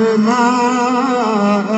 الماء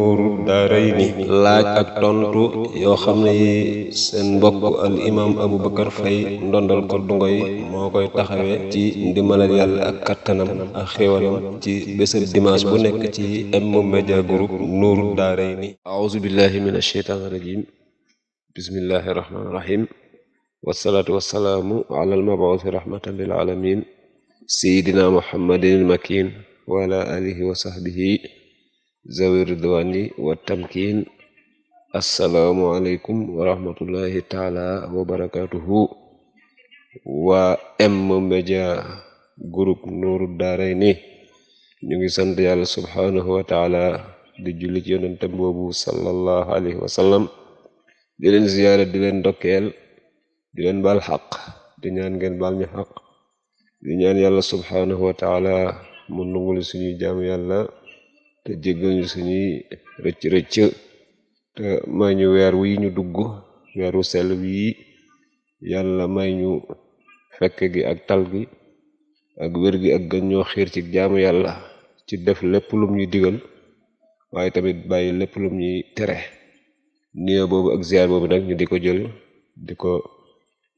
nuuru daarayni laaj ak tontu yoo xam ne yi seen mbokk al imaam Aboubacar Faye ndondal ko dungoy moo koy taxawee ci ndimbalal yàlla ak kattanam ak xéwalam ci bésëb dimanche bu nekk ci M-Media Group nuuru daarayni aouzu billahi minash shaytaani rajim bismillahi rahmaani rahim wasalaatu wasalaamu ala alihi wa sahbihi zawi ridwani wa tamkin asalaamualeykum wa rahmatullahi taala wa barakatuhu waa M Media Group Nour Daarayni ñu ngi sant yàlla subhanahu wa taala di julli ci yonente boobu sallallahu alayhi wa sallam di leen ziyaara di leen ndokkeel di leen baal xaq di ñaan ngeen baal ñu xaq di ñaan yàlla subhanahu wa taala mu nungul suñuy jaamu yàlla te jéggal ñu suñuy rëcc rëcc te may ñu weer wi ñu dugg weeru sel wii yàlla may ñu fekk gi ak tal gi ak wér gi ak gën ñoo xiir ci jaamu yàlla ci def lépp lum ñuy digal waaye tamit bàyyi lépp lum ñuy tere nuyoo boobu ak ziar boobu nag ñu di ko jël di ko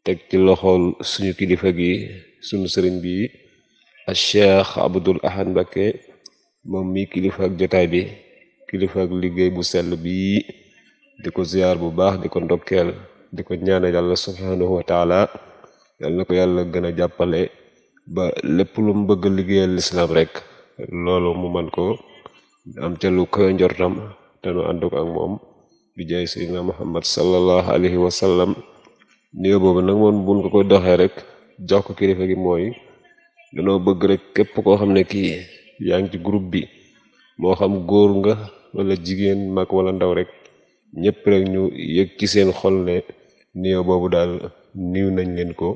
teg ci loxool suñu kilifa gi suñu sëriñ bi a Cheikh Abdul Ahad moom mi kilifa ak jotaay bi kilifa ak liggéey bu sell bii di ko ziyaar bu baax di ko ndokkeel di ko ñaana yàlla subhanahu wa taala na ko yàlla gën a jàppale ba lépp lu mu bëgg liggéeyal lislaam rek loolu mu man ko am ca lu koy njortam te nu ànd ko ak moom bi jaay seydina muhammad sallallahu alayhi wa sallam boobu nag moom buñ ko ko doxee rek jox ko kilifa gi mooy danoo bëgg rek képp koo xam ne kii yaa ngi ci groupe bi moo xam góor nga wala jigéen mag wala ndaw rek ñépp rek ñu yëg ci seen xol ne nuyoo boobu daal niw nañ leen ko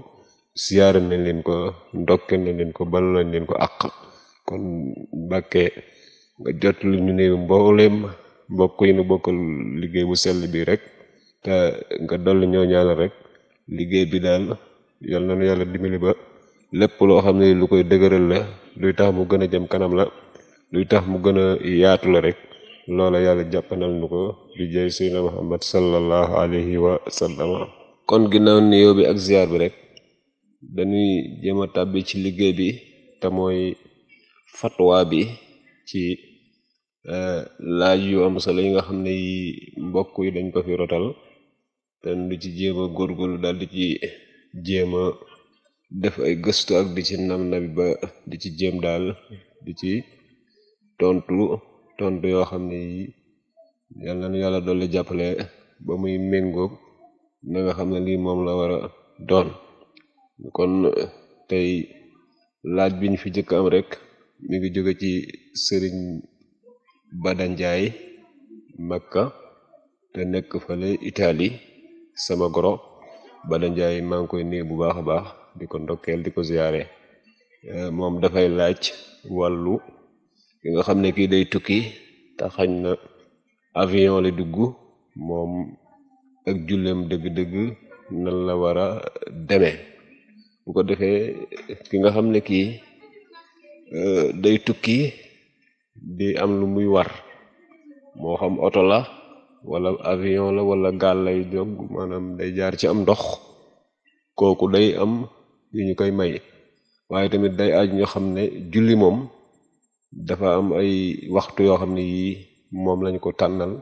siyaare nañ leen ko ndokkeel nañ leen ko bal nañ leen ko àq kon Mbàkke nga jot lu ñu néew mbooleem mbokk yi nu bokkal liggéey bu sell bi rek te nga dolli ñoo ñaanal rek liggéey bi daal yal na nu yàlla dimbali ba lépp loo xam ne lu koy dëgëral la luy tax mu gën a jëm kanam la luy tax mu gën a yaatu la rek loola yàlla jàppanal nu ko di jëy seyna muhammad sallallahu alayhi wa sallama kon ginnaaw nuyoo bi ak ziar bi rek dañuy jéem a tàbbi ci liggéey bi te mooy fatwa bi ci eh, laaj yu am solo yi nga xam ne yi mbokk yi dañ ko fi rotal te lu ci jéem a góorgóorlu daal di ci jéem a def ay gëstu ak di ci nam nabi ba di ci jéem daal di ci tontu tontu yoo xam ne yi yal na nu yàlla dolli jàppale ba muy méngoog na xam ne lii moom la war a doon kon tey laaj biñ fi jëkk am rek mu ngi jóge ci sëriñ Badanjaay Makka te nekk fa fale Italie sama goro Badanjaay maa ngi koy nuyu bu baax a baax di ko ndokkeel di ko ziyaare eh, moom dafay laaj wallu ki nga xam ne kii day tukki te xañ na avion la dugg moom ak julleem dëgg-dëgg nan la war a demee bu ko defee ki nga xam ne kii eh, day tukki di am lu muy war moo xam oto la wala avion la walla gaal lay jog maanaam day jaar ci am ndox kooku day am yu ñu koy may waaye tamit day aaju ñoo xam ne julli moom dafa am ay waxtu yoo xam ne yii moom lañ ko tànnal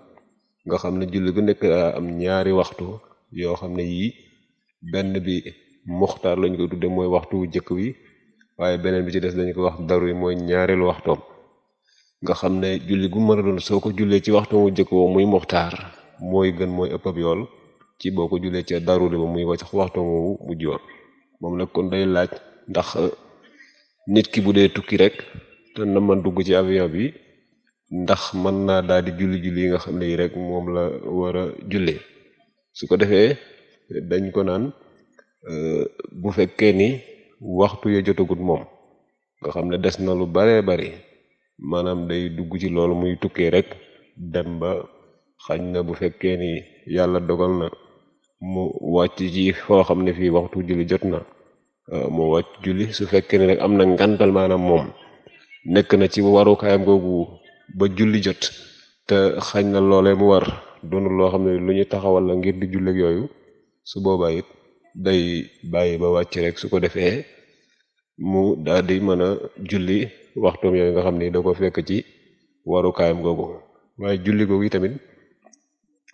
nga xam ne julli bu nekk am ñaari waxtu yoo xam ne yii benn bi muxtaar lañ ko tudde mooy waxtu wu jëkk wi waaye beneen bi ci des dañ ko wax daru yi mooy ñaareelu waxtoom nga xam ne julli gu mën a doon soo ko jullee ci waxtu wu jëkk woo muy muxtaar mooy gën mooy ëpp yool ci boo ko jullee ca daru ba muy wax waxtu woowu mujj woon moom nag kon day laaj ndax euh, nit ki bu dee tukki rek te na man dugg ci avion bi ndax mën naa daal di julli julli yi nga xam ne yi rek moom la war a jullee su ko defee dañ ko naan euh, bu fekkee ni waxtu ya jotagut moom nga xam ne des na lu baree bari maanaam day dugg ci loolu muy tukkee rek dem ba xañ na bu fekkee ni yàlla dogal na mu wàcc ci foo xam ne fii waxtu julli jot na euh, mu wàcc julli su fekkee ne nag am na ngantal maanaam moom nekk na ci warukaayam googu ba julli jot te xañ na loole mu war doonu loo xam ne lu ñu taxawal la ngir di julleg yooyu su boobaa it day bàyyi ba wàcc rek su ko defee mu daal di mën a julli waxtoom yooyu nga xam ni da ko fekk ci warukaayam googu waaye julli googu yi tamit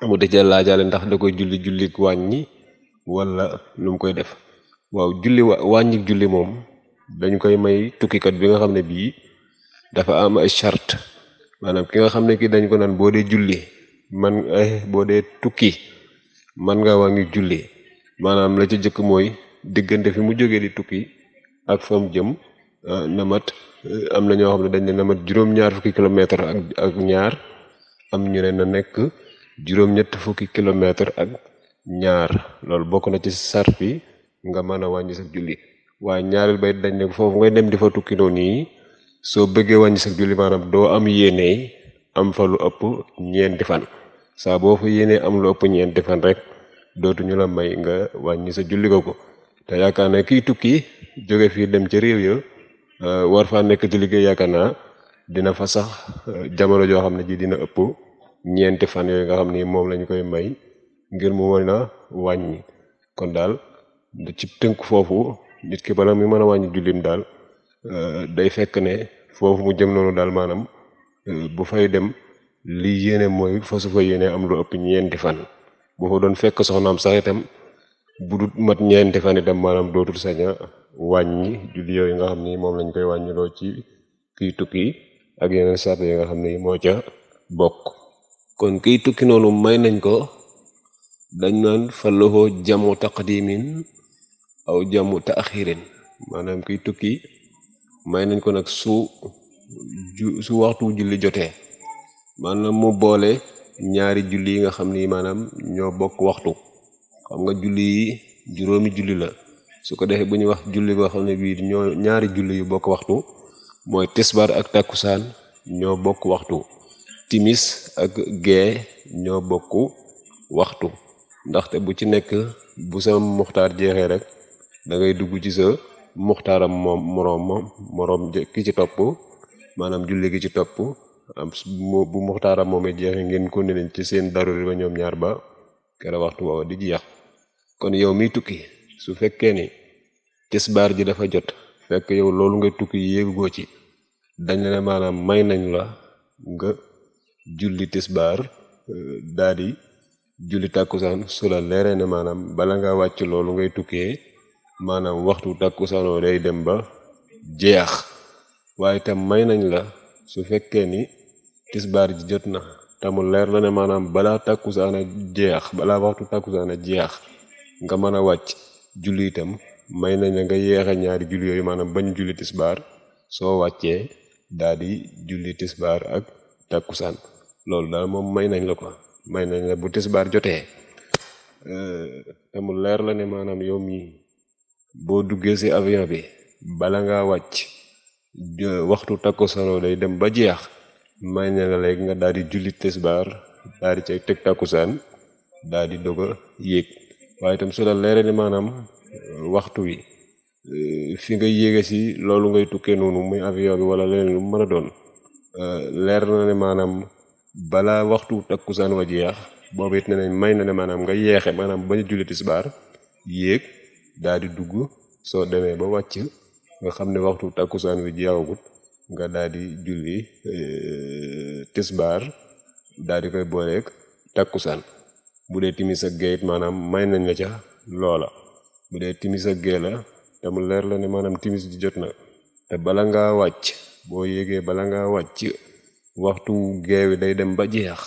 mu dëjal laajaale ndax da koy julli jullik wàññi wala lu mu koy def waaw julli wàññi julli moom dañ koy may tukkikat bi nga xam ne bii dafa am ay chart maanaam ki nga xam ne kii dañ ko naan boo dee julli man ay eh, boo dee tukki man nga wàññi julli maanaam la ci jëkk mooy diggante fi mu jógee di tukki ak fam jëm ah, na mat eh, am na ñoo xam ne dañ ne na mat juróom-ñaar fukki kilomètre ak ak ñaar am ñu ne na nekk juróom-ñett fukki kilomètre ak ñaar loolu bokk na ci sarti nga mën a wàññi sax julli waa ñaareel bay dañ ne foofu ngay dem di fa tukki noonu yi soo bëggee wàññi sa julli maanaam doo am yéeney am fa lu ëpp ñeenti fan saa boo yéenee am lu ëpp ñeenti rek dootu la may nga wàññi sa julli ko ko te yaakaar ne kiy tukki jóge fii dem ci réew ya euh, war faa nekk ci liggéey yaakaar naa dina fa sax euh, jamono joo xam ne ji dina ëpp ñeenti fan yooyu nga xam ni moom lañ koy may ngir mu mën a wàññi kon daal da ci tënk foofu nit ki bala mi mën a wàññi jullim daal euh, day fekk ne foofu mu jëm noonu daal maanaam euh, bu fay dem lii yéene mooy fasu fa yéene am lu ëpp ñeenti fan bu fa doon fekk soxnaam sax itam bu dut mat ñeenti fan itam maanaam dootul sañ a wàññi julli yooyu nga xam ni moom lañ koy wàññiloo ci kii tukki ak yeneen sart yi nga xam ni moo ca bokk kon kiy tukki noonu may nañ ko dañ naan fa loxo jamu taqdimin aw jamu taaxirin maanaam kiy tukki may nañ ko nag su su waxtu julli jotee maanaam mu boole ñaari julli yi nga xam ni maanaam ñoo bokk waxtu xam nga julli yi juróomi julli la su ko defee bu ñuy wax julli boo xam ne bii ñoo ñaari julli yu bokk waxtu mooy tisbar ak takkusaan ñoo bokk waxtu timis ak gee ñoo bokk waxtu ndaxte bu ci nekk bu sa muxtaar jeexee rek da ngay dugg ci sa muxtaaram moom moroom moroom ki ci topp maanaam julli gi ci topp bu muxtaaram moomee jeexee ngeen ko ne ci seen daruri ba ñoom ñaar ba kera waxtu woowa di jeex kon yow mi tukki su fekkee ni tisbaar ji dafa jot fekk yow loolu nga tukki yéegugoo ci dañ la maanaam may nañ la nga julli tisbaar euh, daa di julli tàkkusaan su la leeree ne maanaam bala nga wàcc loolu ngay tukkee maanaam waxtu tàkkusaanoo day dem ba jeex waaye tam may nañ la su fekkee ni tisbaar ji jot na tamu leer la ne maanaam balaa tàkkusaan a jeex balaa waxtu tàkkusaan a jeex nga mën a wàcc julli itam may nañ la nga yeexe ñaari julli yooyu maanaam bañ julli tisbaar soo wàccee daa di julli tisbaar ak tàkkusaan loolu daal moom may nañ la ko may nañ la bu tisbaar jotee eh, te leer la ne maanaam yow mii boo duggee si avion bi bala ngaa wàcc waxtu takku sano day dem ba jeex may na la léegi nga daal di julli tisbaar daal di cay teg takkusaan daal di doga yéeg waaye tam su la leere ne maanaam eh, waxtu wi eh, fi nga yéege si loolu ngay tukkee noonu muy avion bi wala leneen lu mën a doon leer na ne maanaam balaa waxtu takkusaan wa jeex boobu it ne nañ may na ne maanaam nga yeexe maanaam bañ a julli tisbaar yéeg daal di dugg soo demee ba wàcc nga xam ne waxtu takkusaan wi jeexagut nga daal di julli eh, tisbaar daal di koy booleeg takkusaan mu dee timis ak gee maanaam may nañ la ca loola bu dee timis ak gee la te leer la ne maanaam timis ji jot na te bala ngaa wàcc boo yéegee bala ngaa wàcc waxtu geewi day dem ba jeex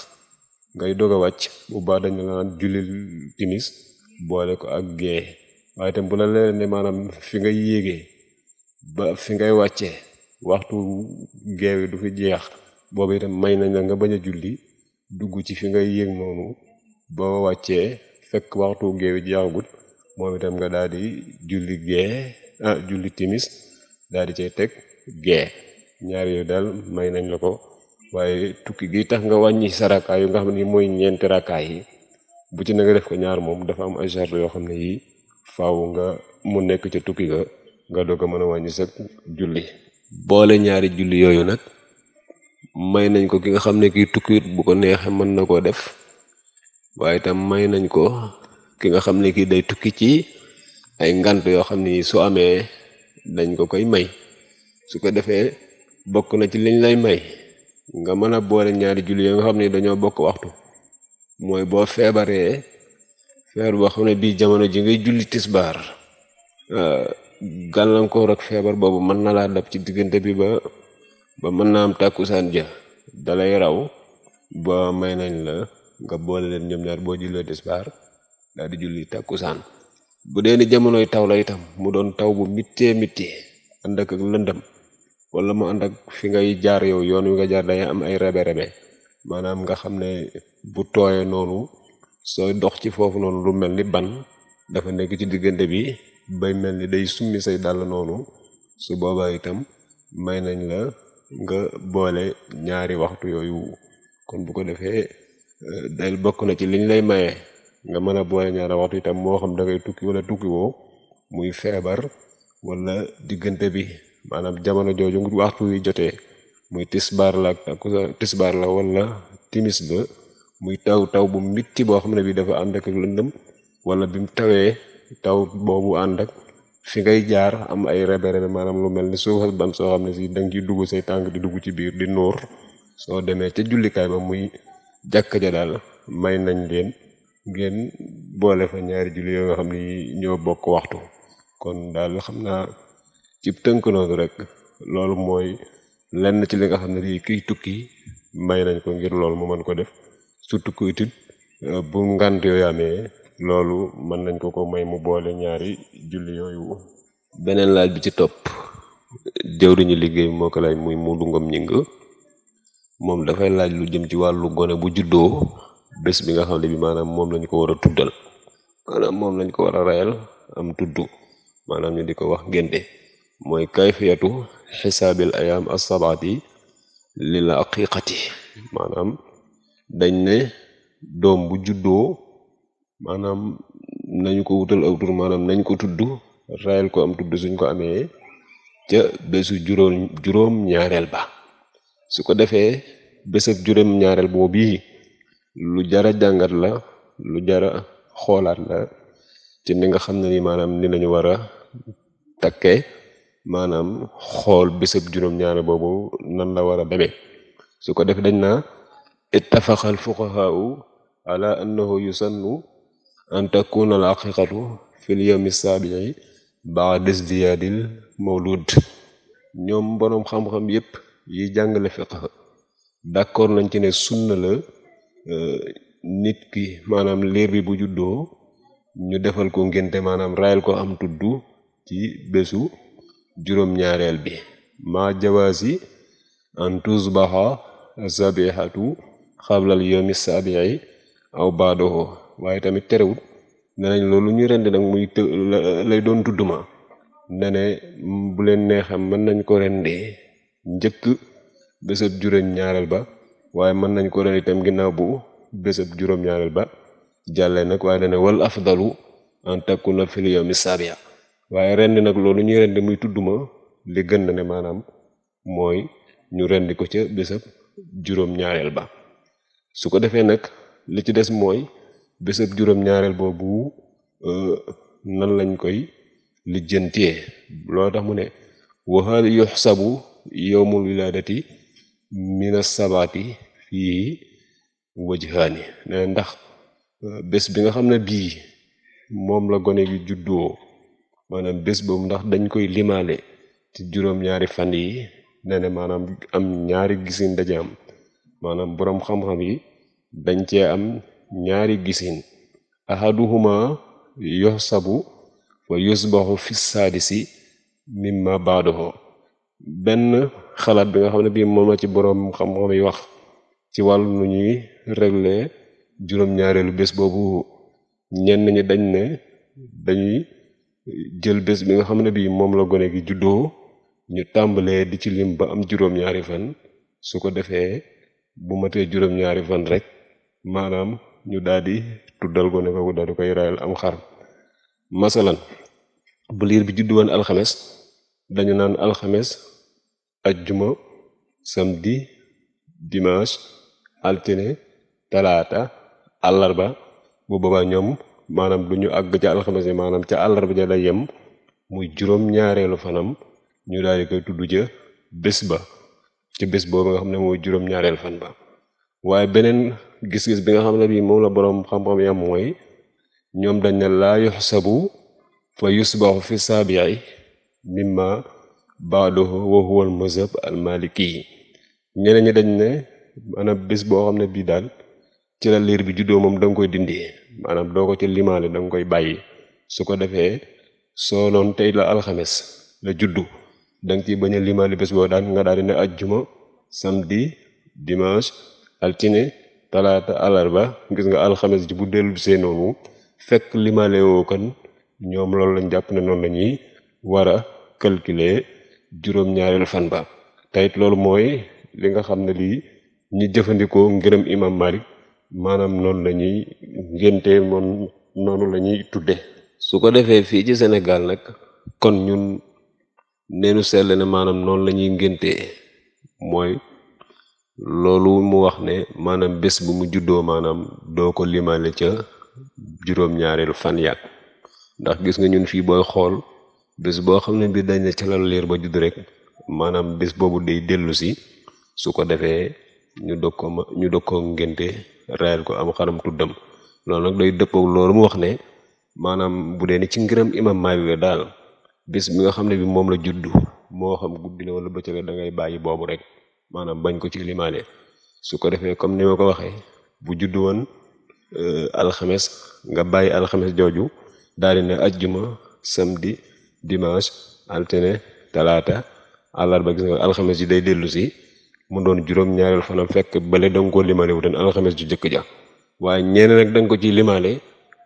ngay doog wàcc bu baax dañ la naan jullil timis boole ko ak gee waaye tam bu la leer ne maanaam fi ngay yéegee ba fi ngay wàcce waxtu geewi du fi jeex boobu itam may nañ la nga bañ a julli dugg ci fi ngay yéeg noonu ba wàccee fekk waxtu geewi jeexagut moom itam nga daal di julli gee ah julli timis daal di cay teg gee ñaar yooyu daal may nañ la ko waaye tukki gi tax nga wàññi sa rakkaay yu nga xam ne mooy ñeenti rakkaay yi bu ci na nga def ko ñaar moom dafa am ay charte yoo xam ne yii faaw nga mu nekk ca tukki ga nga doog a mën a wàññi sa julli boole ñaari julli yooyu nag may nañ ko ki nga xam ne kii tukkiwut bu ko neexee mën na koo def waaye itam may nañ ko ki nga xam ne kii day tukki ci ay ngant yoo xam ne su amee dañ ko koy may su ko defee bokk na ci liñ lay may nga mën a boole ñaari julli yoo nga xam ne dañoo bokk waxtu mooy boo feebaree feebar boo xam ne bii jamono ji ngay julli tisbaar euh, gàllankoor ak feebar boobu mën na laa dab ci diggante bi ba ba mën naa am tàkkusaan ja dalay raw ba may nañ la nga boole leen ñoom ñaar boo jullee tisbaar daal di julli tàkkusaan bu dee ni jamonoy taw la itam mu doon taw bu mittee mittee ànd ak lëndëm wala mu ànd ak fi ngay jaar yow yoon wi nga jaar day am ay rebe-rebe maanaam nga xam ne bu tooyee noonu sooy dox ci foofu noonu lu mel ni ban dafa nekk ci diggante bi bay mel ni day summi say dàll noonu su boobaa itam may nañ la nga boole ñaari waxtu yooyu kon bu ko defee euh, day bokk na ci liñ lay maye nga mën a boole ñaari waxtu itam moo xam da tukki wala tukki woo muy feebar wala diggante bi maanaam jamono jooju waxtu wi jotee muy tisbaar la ak tisbaar la wala timis la muy taw taw bu mitti boo xam ne bii dafa ànd ak lëndëm wala bi mu tawee taw boobu ànd ak fi ngay jaar am ay rebe rebe maanaam lu mel ni suufas ban soo xam ne si danga ciy dugg say tànk di dugg ci biir di nuur soo demee ca jullikaay ba muy jàkk ja daal may nañ leen ngeen boole fa ñaari julli yoo xam ni ñoo bokk waxtu kon daal xam naa ci tënk noonu rek loolu mooy lenn ci li nga xam ne lii kii tukki may nañ ko ngir loolu mu mën ko def surtout que itit euh, bu ngant yooyu amee loolu mën nañ ko ko may mu boole ñaari julli yooyu beneen laaj bi ci topp jëw jëwriñu liggéey moo ko laaj muy Modou Ngom ñing moom dafay laaj lu jëm ci wàllu gone bu juddoo bés bi nga xam ne bi maanaam moom lañu ko war a tuddal maanaam moom lañ ko war a rayal am tuddu maanaam ñu di ko wax ngénte mooy kayfiyatu xisaabil ayaam la lil aqiqati maanaam dañ ne doom bu juddoo maanaam nañ ko wutal aw tur maanaam nañ ko tudd rayal ko am tudd suñ ko amee ca bésu juróom juróom ñaareel ba su ko defee bésab juróom ñaareel boo bii lu jara jàngat la lu jara xoolaat la ci ni nga xam ne ni maanaam ni lañu war a takkee maanaam xool bésëb juróom-ñaar boobu nan la war a bebe su ko def dañ naa ittafaqa al fuqahaau yu annahu yusannu an takuna al aqiqatu fi l yawmi saabii baada isdiyaadil mawlud ñoom boroom xam-xam yépp yi jàngale fiqh d'accord nañ ci ne sunna la euh, nit ki maanaam liir bi bu juddoo ñu defal ko ngénte maanaam rayal ko am tudd ci bésu juróom-ñaareel bi ma jawaasi an tusbaha zabihatu xablal yomi sabii aw baadoho waaye tamit terewut nenañ loolu ñu rendi nag muy të lay doon tudduma ne ne bu leen neexam mën nañ ko rendee njëkk bésëb juróom-ñaareel ba waaye mën nañ ko rendi itam ginnaaw bu bésëb juróom-ñaareel ba jàllee nag waaye dane wal afdalu an takuna fil yomi sabia waaye rendi nag loolu ñuy rendi muy ma li gën na ne maanaam mooy ñu rendi ko ca bésab juróom-ñaareel ba su ko defee nag li ci des mooy bésab juróom-ñaareel boobu euh, nan lañ koy lijjantee loo tax mu ne waxaal yuxsabu yowmul wilaadati mina sabaati fii wajhaani ne ndax euh, bés bi nga xam ne bii moom la gone gi juddoo maanaam bés boobu ndax dañ koy limaale ci juróom-ñaari fan yi ne ne maanaam am ñaari gisin daje am maanaam boroom xam-xam yi dañ cee am ñaari gisin ahaduhuma yoxsabu wa yusbahu fi saadisi mimma baadoho benn xalaat bi nga xam ne bii moom a ci boroom xam-xam yi wax ci wàllu nu ñuy régler juróom-ñaareelu bés boobu ñenn ñi dañ ne dañuy jël bés bi nga xam ne bii moom la gone gi juddoo ñu tàmbalee di ci lim ba am juróom-ñaari fan su ko defee bu matee juróom-ñaari fan rek maanaam ñu daal di tuddal gone kooku daal koy rayal am xar masalan bu liir bi juddu woon alxames dañu naan alxames ajjuma samedi dimanche altine talaata àllarba bu boobaa ñoom maanaam lu ñu àgg ca alxames yi maanaam ca àllarba ja la yem muy juróom-ñaareelu fanam ñu daal di koy tudd ja bés ba ca bés boobu nga xam ne mooy juróom-ñaareelu fan ba waaye beneen gis-gis bi nga xam ne bii moom la boroom xam-xam yam mooy ñoom dañ ne laa yuxsabu fa yusbaxu fi saabii mimma baadoho wa huwa al mazhab al maliki yi ñeneen ñi dañ ne maanaam bés boo xam ne bii daal ci la liir bi juddoo moom da koy dindi maanaam doo ko ci limaale da nga koy bàyyi su ko defee soo noon tey la alxames la juddu da nga ciy bañ a limaale bés boo daan nga daal di ne ajjuma samedi dimanche altine talaata alarba gis nga alxames ji bu dellu see fekk limaale woo kan ñoom loolu lañ jàpp na noonu lañuy war a calculer juróom-ñaareelu fan ba tayit loolu mooy li nga xam ne lii ñi jëfandikoo ngërëm imam Malik maanaam noonu la ñuy ngénte moom noonu la ñuy tudde su ko defee fii ci senegal nag kon ñun neenu seetle ne maanaam noonu la ñuy ngéntee mooy loolu mu wax ne maanaam bés bu mu juddoo maanaam doo ko limale ca juróom-ñaareelu fan yaag ndax gis nga ñun fii booy xool bés boo xam ne bii dañ ne ca la liir ba judd rek maanaam bés boobu day dellu si su ko defee ñu dog ko ñu dog ko ngénte rayal ko am xaram tuddam loolu nag day dëppook loolu mu wax ne maanaam bu dee ni ci ngërëm imam Maalik la daal bis bi nga xam ne bi moom la juddu moo xam guddi la wala bëccëg da ngay bàyyi boobu rek maanaam bañ ko ci limaale su ko defee comme ni ma ko waxee bu juddu woon euh, alxames nga bàyyi alxames jooju daal di ne ajjuma samedi dimanche altine talaata àllarba gis nga alxames yi day dellu si mu doon juróom-ñaareel fanam fekk bële da nga koo limaale wutoon alxames ju jëkk ja waaye ñeneen nag da ko ciy limaale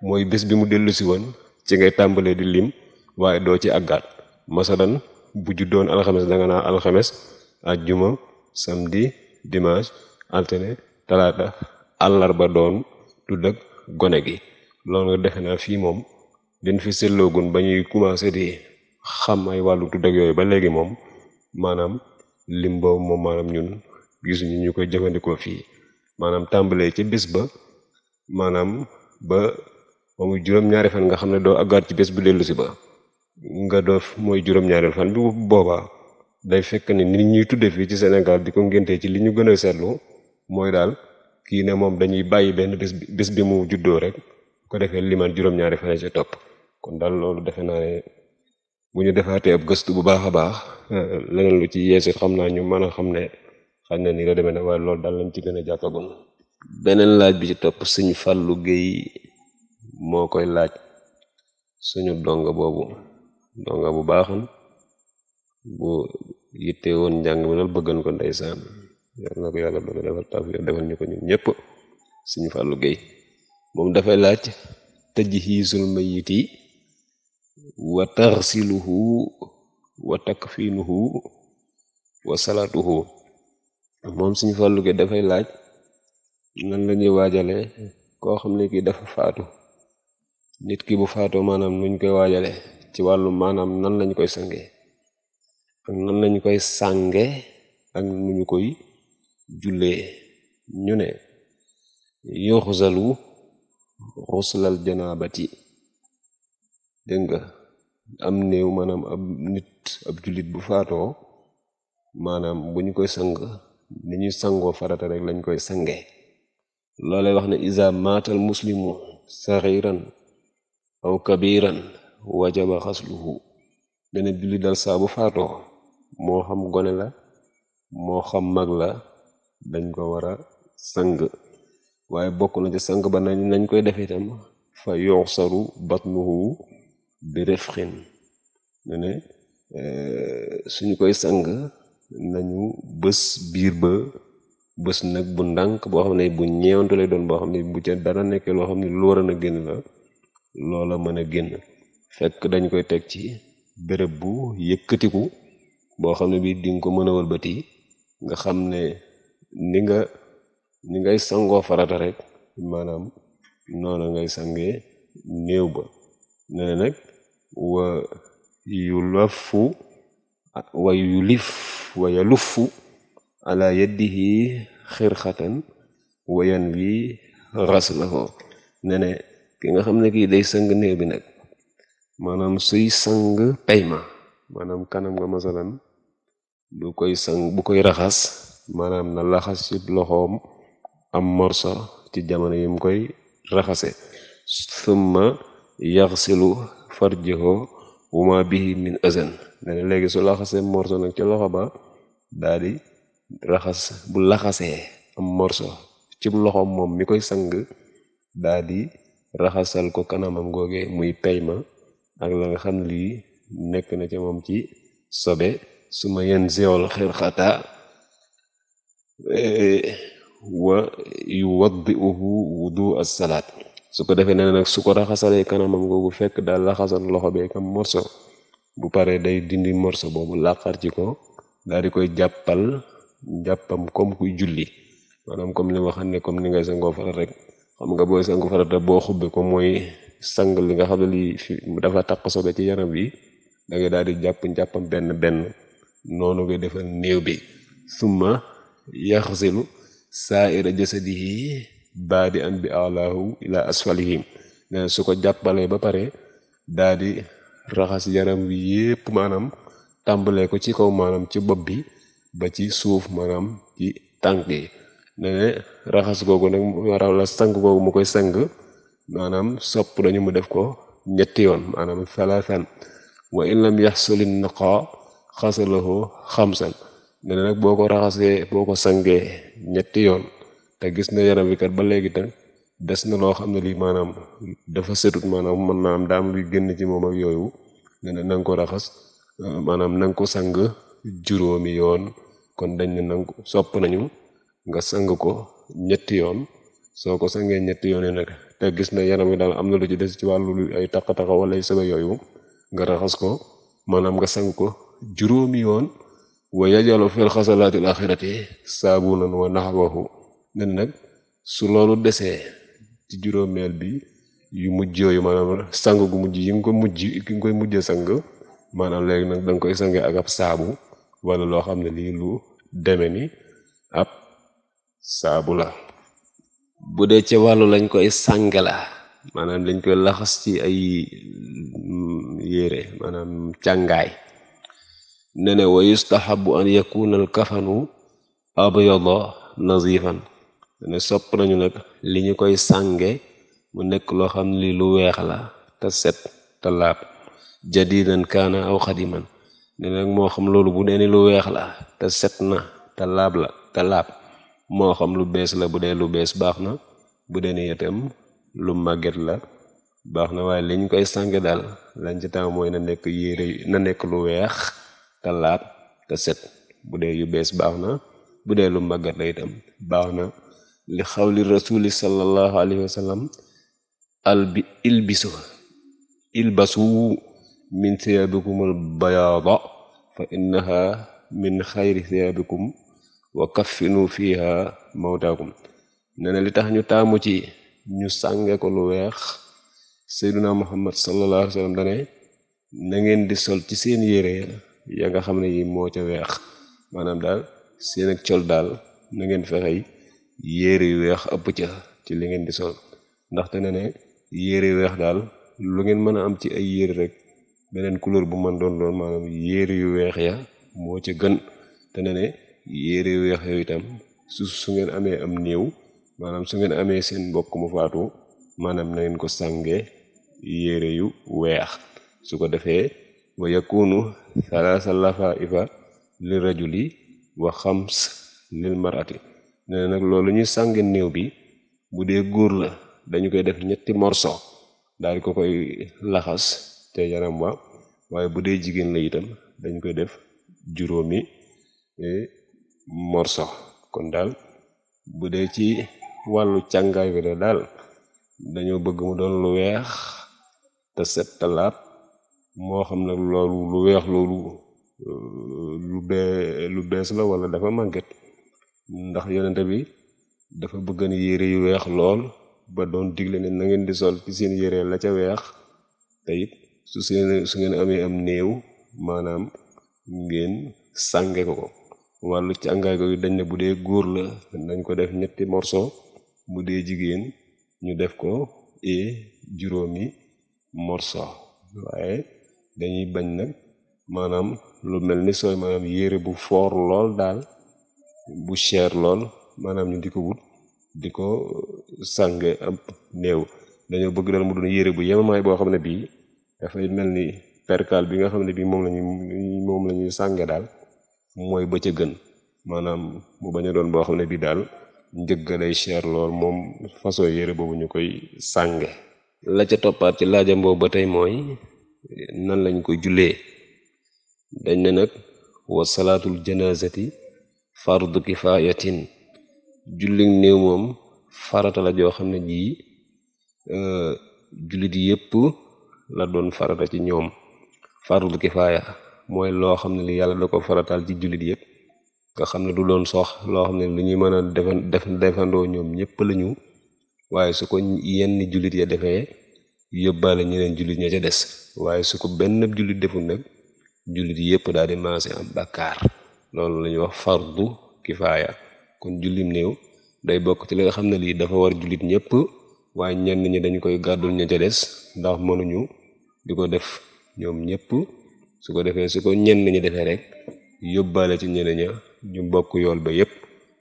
mooy bés bi mu dellu si woon ci ngay tàmbalee di lim waaye doo ci àggaat masalan bu ju doon alxames da nga naa alxames ajjuma samedi dimanche altine talaata àllarba doon tudd ak gone gi loolu nga defe naa fii moom dañ fi seetloogun ba ñuy commencé di xam ay wàllu tudd yooyu ba léegi moom maanaam lim boobu moom maanaam ñun gisuñu ñu koy jëfandikoo fii maanaam tàmbalee ca bis ba maanaam ba moomu juróom-ñaari fan nga xam ne doo àggaat ci bés bu dellu si ba nga doof mooy juróom-ñaareel fan bi boobaa day fekk ni nit ñuy tudde fii ci Sénégal di ko ngéntee ci li ñu gën a seetlu mooy daal kii ne moom dañuy bàyyi benn bés bés bi mu juddoo rek ko defee limaan juróom-ñaari fan ci topp kon daal loolu defe naa ne bu ñu defaatee ab gëstu bu baax a baax euh, leneen lu ci yeesit xam naa ñu mën a xam ne xam na ni la demee ne waaye loolu daal lañ ci gën a jàppagoon beneen laaj bi ci topp sëñ Fallou Gueye moo koy laaj suñu donga boobu bu baaxoon bu woon njàng mi loolu ko ndeysaan yàlla na yo defal ñu ko ñun ñëpp sëñ Fallou Gueye moom dafay laaj tëj xiisul mayit yi wa taxsiluhu wa takfinuhu wa salaatuhu moom suñu fàllu ge dafay laaj nan lañuy waajale koo xam ne kii dafa faatu nit ki bu faatoo maanaam nuñ koy waajale ci wàllu maanaam nan lañ koy sange ak nan lañ koy sànge ak nu koy julee ñu ne yoxusalu xuslal janaabati dégg nga am néew maanaam ab nit ab jullit bu faatoo maanaam bu ñu koy sang ni ñuy sangoo farata rek lañ koy sange loolay wax ne isa maatal muslimu saxiran aw kabiran wajaba xasluhu dana jullit dal saabu faatoo moo xam gone la moo xam mag la dañ ko war a sang waaye bokk na ci sang ba nañ nañ koy defee itam fa yoxsaru batnuhu bi refxin ne euh, suñu koy sang nañu bës biir ba bës nag bu ndànk boo xam ne bu ñeewantu lay doon boo xam ne bu ca dara nekkee loo xam ne lu waroon a génn la loola mën a génn fekk dañ koy teg ci bërëb bu yëkkatiku boo xam ne bii dinga ko mën a wëlbati nga xam ne ni nga ni ngay sangoo farata rek maanaam noona ngay sangee néew ba ne na nag wa yu lafu wa yu lif wa yalufu ala yadihi xirxatan wa yan wi raslaho ne ne ki nga xam ne kii day sang néew bi nag maanaam suy sang payma maanaam kanam nga masalan du koy sang bu koy raxas maanaam na laxas ci loxoom am morso ci jamono yim koy raxase summa yaxsilu farjahu wuma bihi min azan ne na léegi su laxasee morso nag ci loxo ba daal raxas bu laxasee am morso ci loxo moom mi koy sang daal raxasal ko kanamam googe muy peyma ak la nga xam lii nekk na ca moom ci sobe su ma yen zeol xirxata eh, wa yuwaddi'uhu wudu as-salaat su ko defee nee nag su ko raxasalee kanamam googu fekk daal raxasal loxo bee kam morso bu paree day dindi morso boobu làqar ci ko daal di koy jàppal jàppam comme kuy julli maanaam comme li ma xam ne comme ni nga sangoo farata rek xam nga booy sangu farata boo xubbe ko mooy sang li nga xam ne lii dafa taq sobe ci yaram bi da daal di jàpp jàppam benn benn noonu ngay defal néew bi summa yaxsilu saa ira jasadihi baadi am bi alaahu ila asfalihim nee su ko jàppalee ba pare daadi raxas yaram wi yépp maanaam tàmbalee ko ci kaw maanaam ci bopp bi ba ci suuf maanaam ci tànk yi nee na raxas googu nag mu koy sang maanaam sopp dañu mu def ko ñetti yoon maanaam salasan wa in lam yaxsulin naqa xasalahu xamsan nee na nag boo ko raxasee boo ko sangee ñetti yoon te gis na yaram wi kat ba léegi tam des na loo xam ne lii maanaam dafa setut maanaam mën naa am daam luy génn ci moom ak yooyu ne na ko raxas euh, maanaam na ko sang juróomi yoon kon dañ ne nang sopp nañu nga sang ko ñetti yoon soo ko sangee ñetti yoon yi nag te gis na yaram wi daal am na lu ci des ci wàllu ay taq-taq wala yooyu nga raxas ko maanaam nga sang ko juróomi yoon wa yajalu fil xasalaati al axirati saabunan wa naxwahu nen nag su loolu desee ci juróomeel bi yu mujj yooyu maanaam sang gu mujj yi nga ko mujj ki nga koy mujjee sang maanaam léegi nag da koy sange ak ab saabu wala loo xam ne lii lu deme ni ab saabu la bu dee ci wàllu lañ koy sànge la maanaam dañ koy laxas ci ay mm, yére maanaam càngaay ne ne wa yustahabu an yakuna al kafanu nazifan ne sopp nañu nag li ñu koy sànge bu nekk loo xam ni lu weex la te set te laab jadidan aw xadiman ne nag moo xam loolu bu dee ni lu weex la te set na te laab la te laab moo xam lu bees la bu dee lu bees baax na bu dee itam lu màgget la baax na waaye liñ koy sànge daal lañ ci taw na nekk yére na nekk lu weex te set bu dee yu bees baax na bu dee màgget la itam baax na li xaw rasuli sallallahu alayhi wa sallam albi ilbisu ilbasu min thiyabikum al bayaada fa innaha min xayri thiyabikum wa kaffinu fiha mawtaakum nee na li tax ñu taamu ci ñu sànge ko lu weex seyduna muhammad sallallahu alayhi wa sallam dane na ngeen di sol ci seen yére ya nga xam ne yi moo ca weex maanaam daal seen ak col daal na ngeen fexey yére yu weex ëpp ca ci li ngeen di sol ndaxte ne ne yére yu weex daal lu ngeen mën a am ci ay yére rek beneen couleur bu mën doon doon maanaam yére yu weex ya moo ca gën te ne yére yu weex yooyu itam su su ngeen amee am néew maanaam su ngeen amee seen mbokk mu faatu maanaam na ngeen ko sànge yére yu weex su ko defee wa yakunu salaasa lafaa ifa li rajuli wa xams lil marati ne nag loolu ñuy sànge néew bi bu dee góor la dañu koy def ñetti morso daal di ko koy laxas te yaram wa waaye bu dee jigéen la itam dañ koy def juróomi e, morso kon daal bu dee ci wàllu càngaay bi la daal dañoo bëgg mu doon lu weex te set te moo xam ne loolu lu weex loolu lu bee lu bees la wala dafa màgget ndax yonente bi dafa bëggan yére yu weex lool ba doon digle ne na ngeen di sol ci seen yére la ca weex te su seen su ngeen amee am néew maanaam ngeen sànge ko ko wàllu càngaay ko dañ ne bu dee góor la nañ ko def ñetti morso mu dee jigéen ñu def ko e juróomi morso waaye dañuy bañ nag maanaam lu mel ni sooy maanaam yére bu foor lool daal bu cher lool maanaam ñu di ko wut di ko sànge ab néew dañoo bëgg daal mu doon yére bu yemamaay boo xam ne bii dafay mel ni perkaal bi nga xam ne bii moom lañu moom la ñuy daal mooy ba ca gën maanaam mu bañ a doon boo xam ne bii daal njëgg day cher lool moom façon yére boobu ñu koy sànge la ca toppaat ci laajam boobu ba tey mooy nan lañ koy jullee dañ ne nag wa salaatul janaazati fardu kifaayatin jullit néew moom farata joo xam ne ji euh, jullit yépp la doon farata ci ñoom fardu kifaaya mooy loo xam ne li yàlla da ko farataal ci jullit yépp nga xam ne du doon sox loo xam ne lu ñuy mën a def defandoo ñoom ñépp lañu waaye su ko yenn jullit ya defee yóbbaale ñeneen jullit ñoo ca des waaye su ko benn jullit deful nag jullit yépp daal di maase am bàkkaar loolu la ñuy wax fardu kifaaya kon jullim néew day bokk ci la nga xam ne lii dafa war jullit ñëpp waaye ñenn ñi dañ koy gàddul ña ca des ndax mënuñu di ko def ñoom ñëpp su ko defee su ko ñenn ñi defee rek yóbbaale ci ñeneen ñu bokk yool ba yépp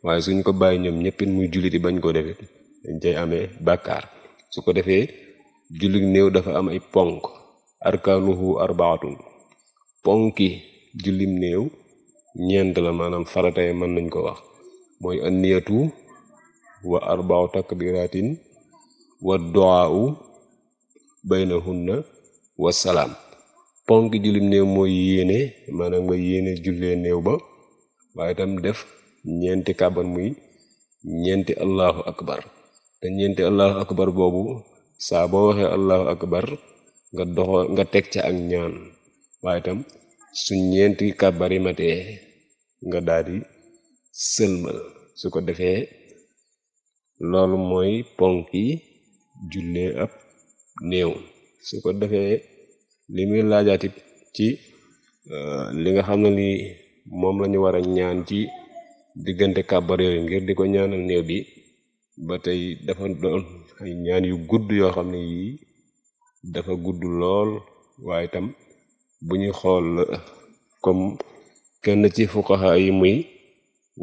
waaye suñ ko bàyyi ñoom ñëpp muy muy julliti bañ koo defit dañ cay amee bàkkaar su ko defee jullit néew dafa am ay ponk arkaanuhu arbaatun ponki jullim néew ñeent la maanaam faratay man nañ ko wax mooy anniyatu wa arbau takbiratin wa duaau baynahunna wa salaam ponk jullim néew mooy yéene maanaam nga yéene jullee néew ba waaye tam def ñeenti kàbbar muy ñeenti allahu akbar te ñeenti allahu akbar boobu saa boo waxee allahu akbar nga doxo nga teg ca ak ñaan waaye tam su ñeenti kàbbar yi matee nga daal di sëlmal su ko defee loolu mooy ponk yi jullee ab néew su ko defee li muy laajaati ci euh, li nga xam na ni moom lañu war a ñaan ci diggante kàbbar yooyu ngir di ko ñaanal néew bi ba tey dafa doon ay ñaan yu gudd yoo xam ne yii dafa gudd lool waaye tam bu ñuy xool comme kenn ci fuqaha yi muy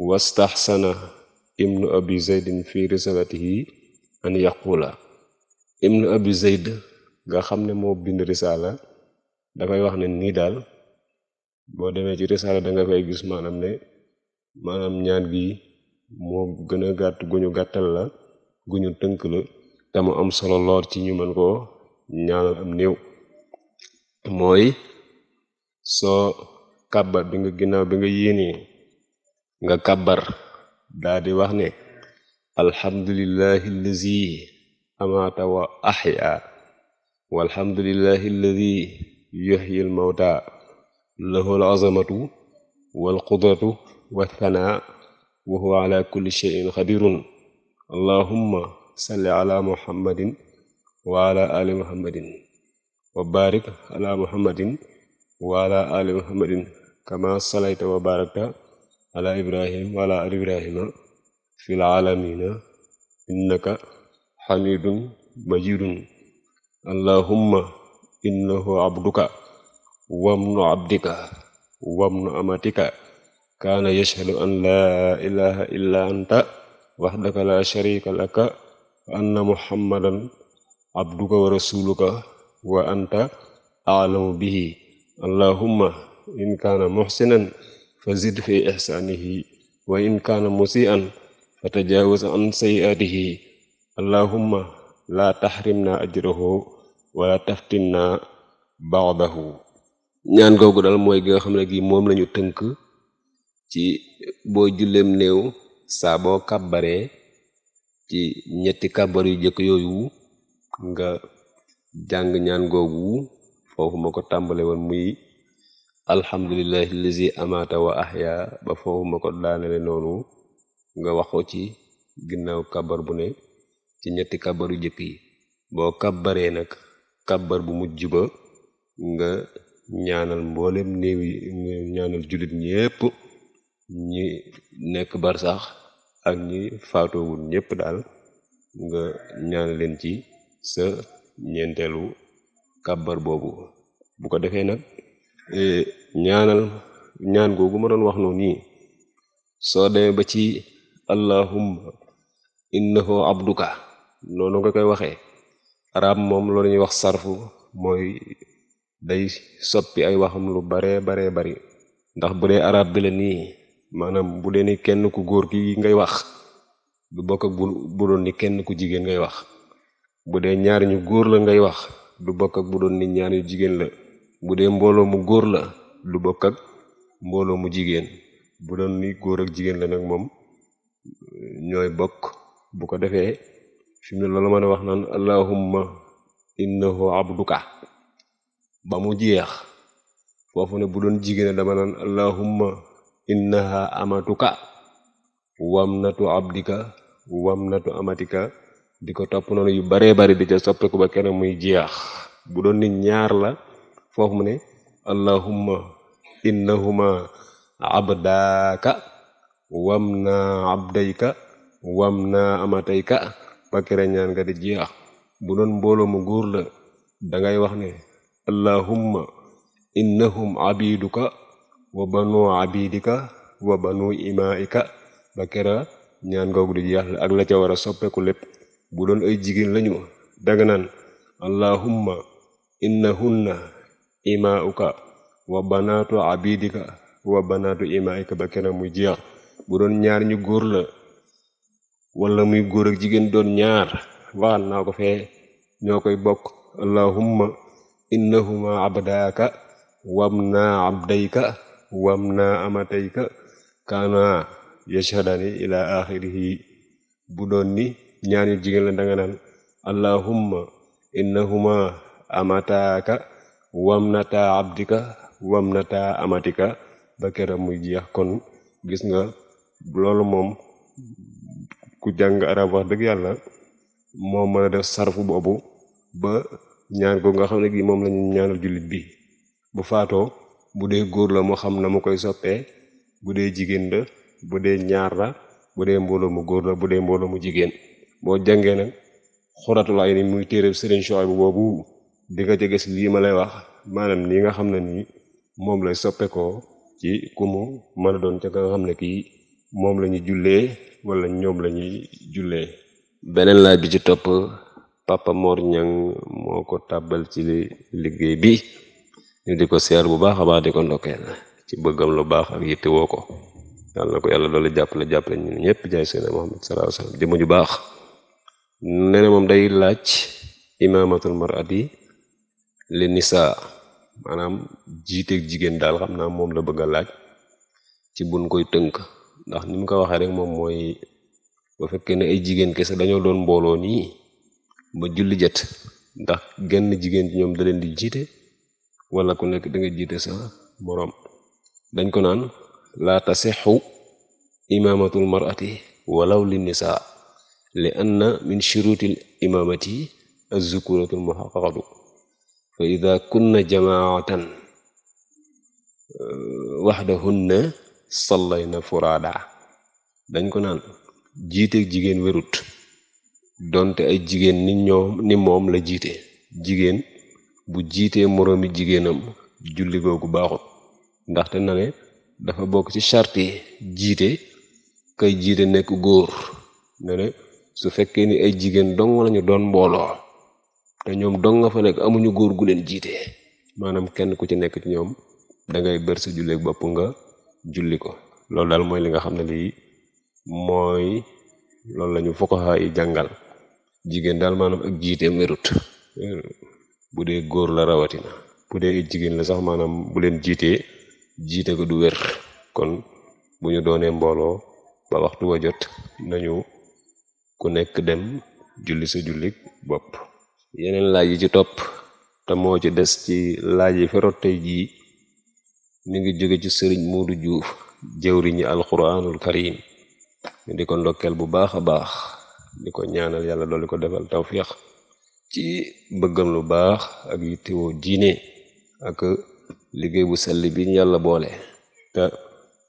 wastaxsana ibnu abi zeydin fi risalatihi an yaqula ibnu abi zeyd nga xam ne moo bind risaala dafay wax ne nii daal boo demee ci risaala danga nga fay gis maanam ne maanaam ñaan gi moo gën a gàtt gu ñu gàttal la gu ñu tënk la te mu am solo lool ci ñu mën koo ñaanal am néew mooy soo kàbbar bi nga ginnaaw bi nga yéenee nga kàbbar daa di wax ne alhamdulillahi amaata wa ahya walhamdulillahi allazi yuhyi almawta lahu alazamatu walqudratu walthanaa wa huwa ala wa ala ali muhammadin wa barik ala kama salayta wa barakta ala ibrahim wa ala ali ibrahima fil alamina innaka xamidun majidun allahumma innahu abduka wabnu abdika wabnu amatika kaana yashhadu an laa ilaha illa anta waxdaka la sharika laka wa anna muhammadan abduka wa rasuluka wa anta aalamu bihi allahumma in kaana muxsinan fa zid fi ixsaanihi wa in kaana musian fa tajaawaz an sayiaatihi allahumma laa taxrimna ajrahu wala taftinna baadahu ñaan googu daal mooy gi nga xam ne gi moom lañu tënk ci boo julleem néew saa boo kàbbaree ci ñetti kàbbar yu jëkk yooyu nga jàng ñaan googu foofu ko tàmbale woon muy alhamdulillahi lazi amaata wa ahya ba foofu ma ko daanale noonu nga waxoo ci ginnaaw kabar bu ne ci ñetti kabaru jëkk yi boo kabaree nag kabar bu mujj ba nga ñaanal mboolem néew yi ñaanal jullit ñépp ñi nekk barsax ak ñi faatoowul ñépp daal nga ñaan ci sa ñeenteelu kabar boobu bu ko defee nag Eh, ñaanal ñaan gu ma doon wax noonu nii soo demee ba ci allahumma innahu abduka noonu nga koy waxee arab moom loolu ñuy wax sarfu mooy day soppi ay waxam lu baree baree bari ndax bu dee arab bi la nii maanaam bu dee ni kenn ku góor ki ngay wax du bokk bu bu doon ni kenn ku jigéen ngay wax bu dee ñaar ñu góor la ngay wax du bokk ak bu doon ni ñaar ñu jigéen la bu dee mbooloo mu góor la lu bokk ak mbooloo mu jigéen bu doon ni góor ak jigéen la nag moom ñooy bokk bu ko defee fi mu ne loolu mën a wax naan allahumma innahu abduka ba mu jeex foofu ne bu doon jigéen dama naan allahumma innaha amatuka wamnatu abdika wamnatu amatika di ko topp noonu yu baree bari di ca soppeeku ba keneen muy jeex bu doon nit ñaar la foofu mu ne allahumma innahuma abdaaka wam na abdayka wam na amatayka bakira ñaan nga di jeex bu doon mbooloo mu góor la dangay wax ne allahumma innahum abiduka wa banu abidika wa banu imaika bakira ñaan googu di jeex la ak la ca war a soppeeku lépp bu doon ay jigéen lañu danga naan allahumma innahunna imaauka wa banaatu abidika wa banaatu imaika ba keneen muy jeex bu doon ñaar ñu góor la wala muy góor ak jigéen doon ñaar waxal ko fee ñoo koy bokk allahumma innahuma abdaaka wamna abdayka wamna amatayka kana yashhadani ila axirihi bu doon ni ñaar ñu jigéen la danga allahumma innahuma amataaka wam na nataa abdika wam na taa amatika ba keroog muy jeex kon gis nga loolu moom ku jàng arab wax dëgg yàlla moo mën a def sarfu boobu ba ñaan ko nga xam ne gi moom lañu ñaanal jullit bi bu faatoo bu dee góor la mu xam na mu koy soppee bu dee jigéen la bu dee ñaar la bu dee mbooloo mu góor la bu dee mbooloo mu jigéen moo jàngee nag xoratul ay ni muy téere sëriñ Shuayb bu boobu di nga si lii ma lay wax maanaam nii nga xam ne ni moom lay soppeekoo ci ku mu a doon ca nga xam ne kii moom lañuy ñuy jullee wala ñoom lañuy ñuy jullee. beneen laaj bi ci topp Papa Mor Ñang moo ko tàbbal ci liggéey bi ñu di ko seer bu baax a baax di ko ndokkeel ci bëggam lu baax ak yitte woo ko yàlla ko yàlla doole jàppale jàppale ñun ñëpp jaay seen Muhammad sallallahu alayhi wasallam jëmm ju baax nee na moom day laaj imaamatul mar'ati li nisaa maanaam jiiteeg jigéen daal xam naa moom la bëgg a laaj ci buñ koy tënk ndax ni mu ko waxee rek moom mooy bu fekkee ne ay jigéen kese dañoo doon mbooloo nii ba julli jot ndax genn jigéen ci ñoom da leen di jiite wala ku nekk da nga jiite sa moroom dañ ko naan laa tasixu imaamatul marati walaw li nisaa li anna min shurutil imaamati az-zukuratul muhaqqaqatu fa ida kunna na waxdahunna na furaada dañ ko naan jiite jigéen wérut donte ay jigéen ni ñoom ni moom la jiite jigéen bu jiitee moroomi jigéenam julli googu baaxut ndaxte na ne dafa bokk ci charte jiite kay jiite nekk góor ne ne su fekkee ni ay jigéen dong lañu doon mbooloo te ñoom dong nga fa nekk amuñu góor gu leen jiite maanaam kenn ku ci nekk ci ñoom da ngay bër sa julleeg bopp nga julli ko loolu daal mooy li nga xam ne lii mooy loolu lañu ñu fuqaha jàngal jigéen daal maanaam ak jiiteem wérut bu dee góor la rawatina bu dee jigéen la sax maanaam bu leen jiitee jiite ko du wér kon bu ñu doonee mbooloo ba waxtu wa nañu ku nekk dem julli sa jullik bopp yeneen laaj yi ci topp te moo ci des ci laaj yi ferot tey jii mu ngi jóge ci sëriñ Moodu Juuf jëwriñi alquranul karim ñu di ko ndokkeel bu baax a baax di ko ñaanal yàlla dool di ko defal tawfiq ci bëggam lu baax ak yittewoo diine ak liggéey bu sell bi ñu yàlla boole te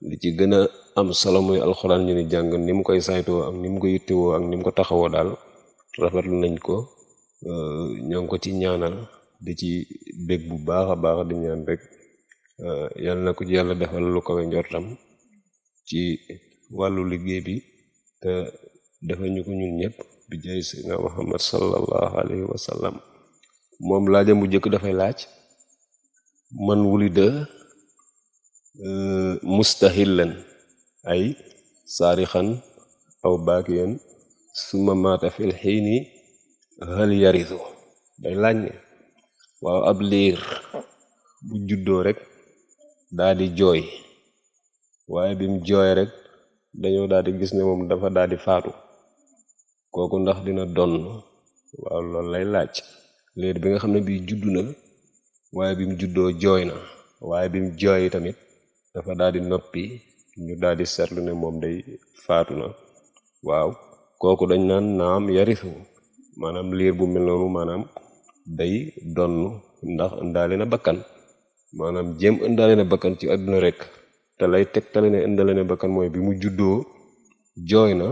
li ci gën a am solo muy alxuraan ñu ni jàng ni mu koy saytoo ak ni mu ko yittewoo ak ni mu ko taxawoo daal rafetlu nañ ko Euh, ñoo ko ci ñaanal di ci bég bu baax a baax di ñaan rek euh, yàlla na ko ci yàlla defal lu kawe njortam ci wàllu liggéey bi te defal ñu ko ñun ñëpp bi jaay seydina muhammad sallallahu alayhi wa moom laajam bu njëkk dafay laaj man wulida euh, mustahilan ay saarixan aw baakiyan suma maata fil xiini hal yarisu day laaj ne waaw ab liir bu juddoo rek daldi jooy waaye bim jooy rek dañoo daldi gis ne moom dafa daldi faatu kooku ndax dina don waaw loolu lay laaj liir bi nga xam ne bii juddu na waaye bim juddoo jooy na waaye bim jooy tamit dafa daldi noppi ñu daldi di seetlu ne moom day faatu na waaw kooku dañ naan naam yarisu maanaam liir bu mel noonu maanaam day donn ndax ëndaale na bakkan maanaam jéem ëndaale na bakkan ci àdduna rek te lay tegtale ne ëndaale na bakkan mooy bi mu juddoo jooy na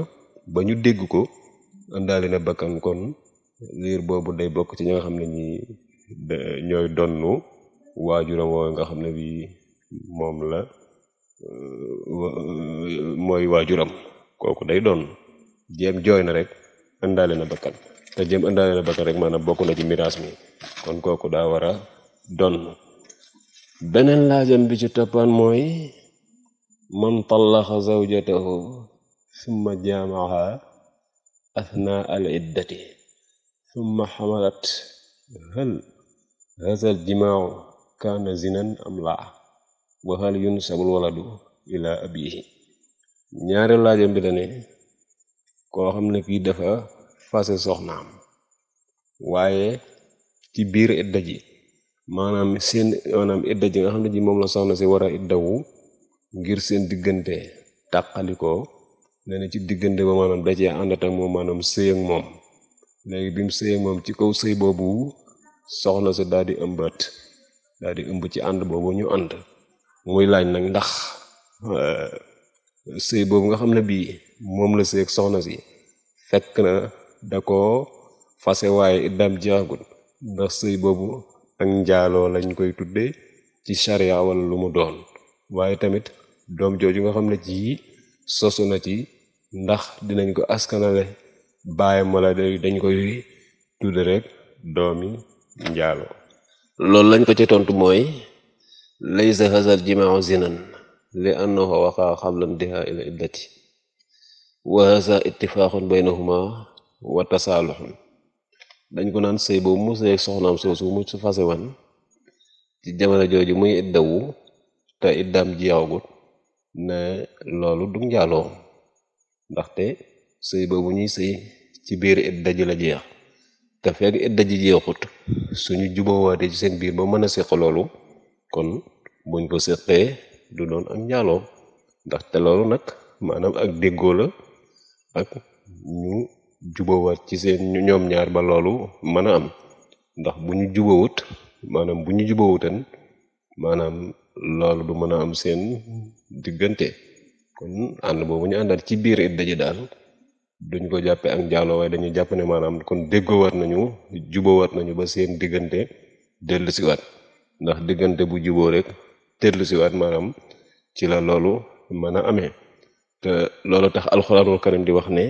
ba ñu dégg ko ëndaale na bakkan kon boobu day bokk ci ñi nga xam ne ñi ñooy donn waajuram woowu nga xam ne bi moom euh, euh, mooy waajuram kooku day doon jéem jooy na rek ëndaale na bakkan te jëm indaale la bakkan rek maanaam bokk na ci miraas mi kon kooku daa war a donn beneen laajam bi ci toppaan mooy man tallaxa zawjatahu summa jaamaha athna al iddati summa xamalat hal hazal jimaaw kaana zinan am laa wa hal yunsabul waladu ila abihi ñaari laajam bi la koo xam ne kii dafa fase soxnaam waaye ci biir idda ji maanaam seen maanaam idda ji nga xam ne ji moom la soxna si war a iddawu ngir seen diggante tàqalikoo nee na ci diggante ba maanaam da cee moom maanaam sëy moom léegi bi moom ci kaw sëy boobu soxna si daal di ëmbat daal di ëmb ci ànd boobu ñu ànd muy laaj nag ndax euh, sëy boobu nga xam ne bii moom la sëy ak soxna si fekk na da ko fase waaye iddaam jeexagul ndax sëy boobu ak njaaloo lañ koy tudde ci sharia wala lu mu doon waaye tamit doom jooju nga xam ne ci sosu na ci ndax dinañ ko askanale bàyyam wala dañ koy tudde rek doomi njaaloo loolu lañ ko ci tontu mooy laysa hazal jimaau zinan li annahu waqaa xabla intihaa ila iddati wa haza ittifaqun baynahuma wa tasaaluxun dañ ko naan sëy boobu mu sëy soxnaam soosu su fase wan ci jamono jooju muy iddawu te iddaam jeexagut ne loolu du njaaloo ndaxte sëy boobu ñuy sëy ci biir idda ji la jeex te fekk idda ji jeexut suñu jubóowaatee ci seen biir ba mën a séq loolu kon buñ ko séqee du doon am njaaloo ndaxte loolu nag maanam ak déggoo la ak ñu jubawaat ci seen ñoom ñaar ba loolu mën a am ndax bu ñu jubawut maanaam bu ñu jubawutan maanaam loolu du mën a am seen diggante kon ànd boobu ñu àndaat ci biir it daje daal duñ ko jàppe ak njaaloo waaye dañuy jàpp ne maanaam kon déggoo déggoowaat nañu jubawaat nañu ba seen diggante dellu siwaat ndax diggante bu juboo rek dellu siwaat maanaam ci la loolu mën a amee te loolu tax alxuraanul karim di wax ne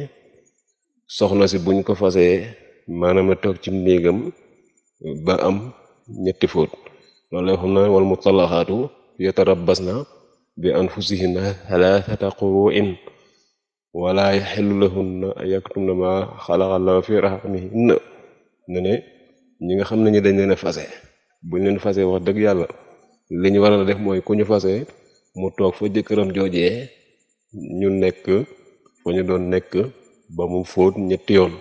soxna si buñ ko fasee maanaam a toog ci néegam ba am ñetti fóot loolu la xam naa wal mutallaqaatu yatarabbasna bi anfusihinna thalathata quru'in wala yaxillu lahunna yaktumna ma xalaqa llahu fi ñi nga xam nañu dañ leen a fase buñ leen fase wax dëgg yàlla li ñu war a def mooy ku ñu fase mu toog fa jëkkëram joojee ñu nekk fa ñu doon nekk ba mu fóot ñetti yoon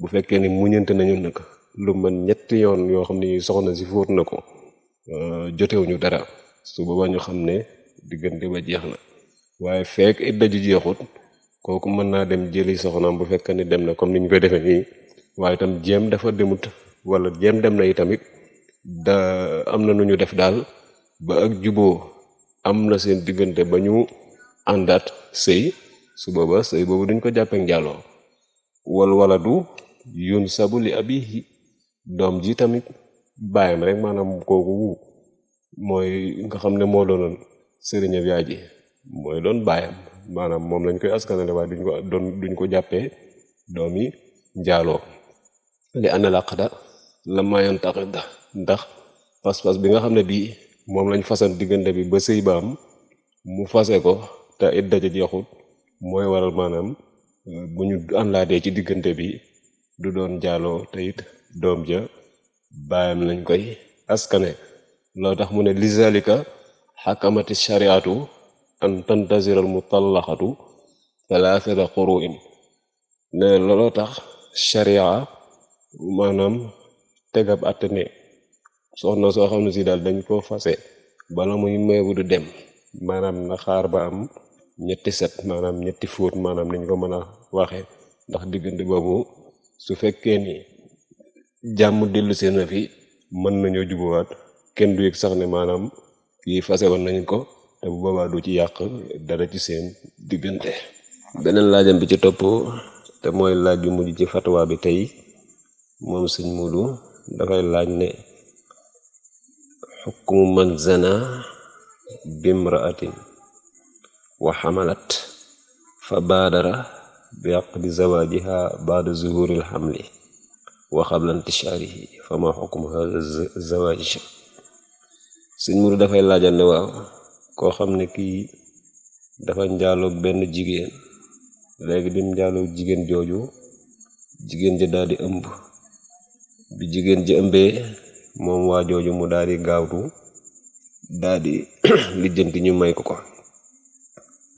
bu fekkee ni muñante nañu nag lu man ñetti yoon yoo xam ni soxna si fóot na ko euh, jotewuñu dara su boobaa ñu xam ne diggante ba jeex na waaye fekk idda ju jeexut kooku mën naa dem jëli soxnaam bu fekkee ni dem na comme ni ñu koy defee nii waaye itam jéem dafa demut walla jéem dem na itamit da am na nu ñu def daal ba ak juboo am na seen diggante ba ñu àndaat sëy su booba sëy boobu duñ ko jàppee njaaloo wal waladu yun sabu li abi doom ji tamit baayam rek maanaam kooku mooy nga xam ne moo doonoon sëriñam yaay ji mooy doon baayam maanaam moom lañ koy askanale waaye duñ ko doon duñ ko jàppee doomi njaaloo li ana laqda la mayoon taqda ndax pas-pas bi nga xam ne bii moom lañ fasan diggante bi ba sëy ba am mu fase ko te it daje jeexut mooy waral maanaam bu ñu àndaatee ci diggante bi du doon jaaloo te doom ja baayam lañ koy askane loo tax mu ne lizalika xakamati shariatu an tantaziral mutallaxatu thalathata quruin ne looloo tax sharia maanaam tegab àtte soxna soo xam ne si daal dañ koo fase bala muy meebu du dem maanaam na xaar ba am ñetti set maanaam ñetti fóot maanaam niñ ko mën a waxee ndax diggante boobu su fekkee ni jàmm dellu seen na fi mën nañoo jubuwaat kenn du yëg sax ne maanaam kii fase woon nañ ko te bu boobaa du ci yàq dara ci seen diggante beneen laajam bi ci topp te mooy laaj yu mujj ci fatwa bi tey moom sëñ Moodu dafay laaj ne xukmu man zana bimraatin wa xamalat fa baadara bi aqdi zawaajiha baada zuhuril xamli wa qabla intishaarihi fa ma xukmu hada zawaaji sëñ muru dafay laajal ne waaw koo xam ne kii dafa njaaloog benn jigéen léegi bi njaaloog jigéen jooju jigéen ji daal di ëmb bi jigéen ji ëmbee moom waa jooju mu daldi di gaawtu daal di lijjanti ñu may ko ko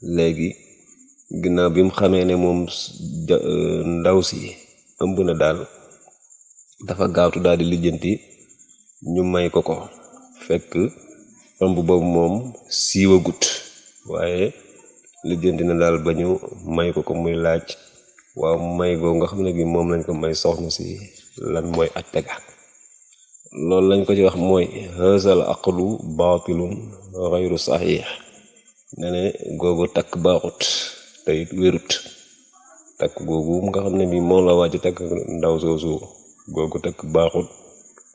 léegi ginnaaw bi mu xamee ne moom euh, ndaw si ëmb na daal dafa gaawtu daal di lijjanti ñu may ko ko fekk ëmb boobu moom gut waaye lijjanti na daal ba ñu may ko ko muy laaj waaw may googu nga xam ne gi moom lañ ko may soxna si lan mooy attega loolu lañ ko ci wax mooy haazal aqlu baatilun gayru saxiix ne googu takk baaxut te it takk googu nga xam ne bii moom la waaj takk ndaw soosu googu takk baaxut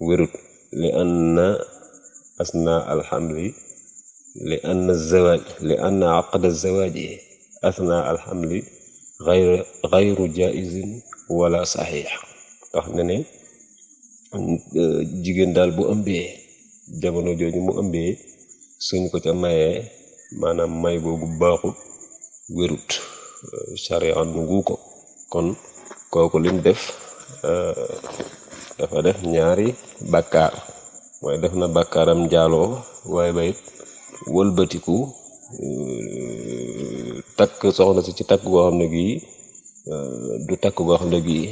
wérut li anna asna alxamli li anna zawaaj li anna aqda zawaaji asna alxamli xayru xayru wala saxiix tax ne jigéen daal bu ëmbee jamono jooju mu ëmbee suñ ko ca mayee maanaam may googu baaxut wérut charia euh, nugu ko kon kooku lim def euh, dafa def ñaari bàkkaar mooy def na bàkkaaram njaaloo waaye ba it wëlbatiku euh, takk soxna si ci takk goo xam ne gii du takk goo xam ne gii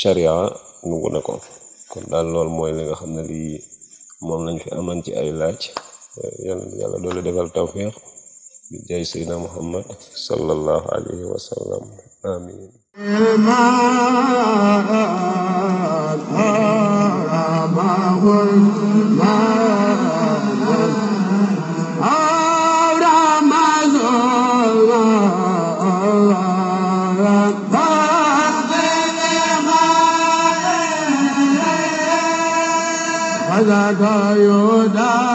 charia nugu na ko kon daal loolu mooy li nga xam ne lii moom lañ fi aman ci ay laaj yàlla yàlla doole defal tawféex bi jaay seydina muhammad sallallahu alayhi wa sallam amin da yo da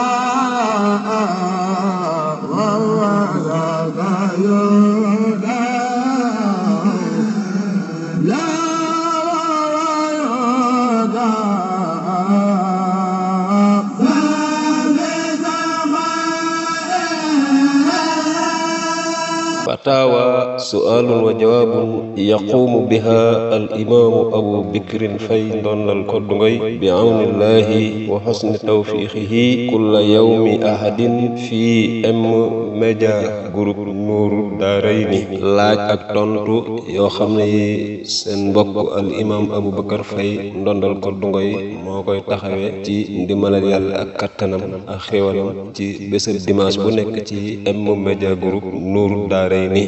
فتاوى سؤال وجواب يقوم بها الإمام أبو بكر فاي ndondal koddungoy bi awnillahi wa xosni tawfiixihi kulla yawmi ahadin fi M Media Group Nour daarayni laaj ak tontu yoo xam ne yi seen mbokk al imaam Aboubacar fay ndondal ko dungo yi moo koy taxawee ci ndimbalal yàlla ak kattanam ak xéwalam ci bésëb dimanche bu nekk ci M Media Group Nour daarayni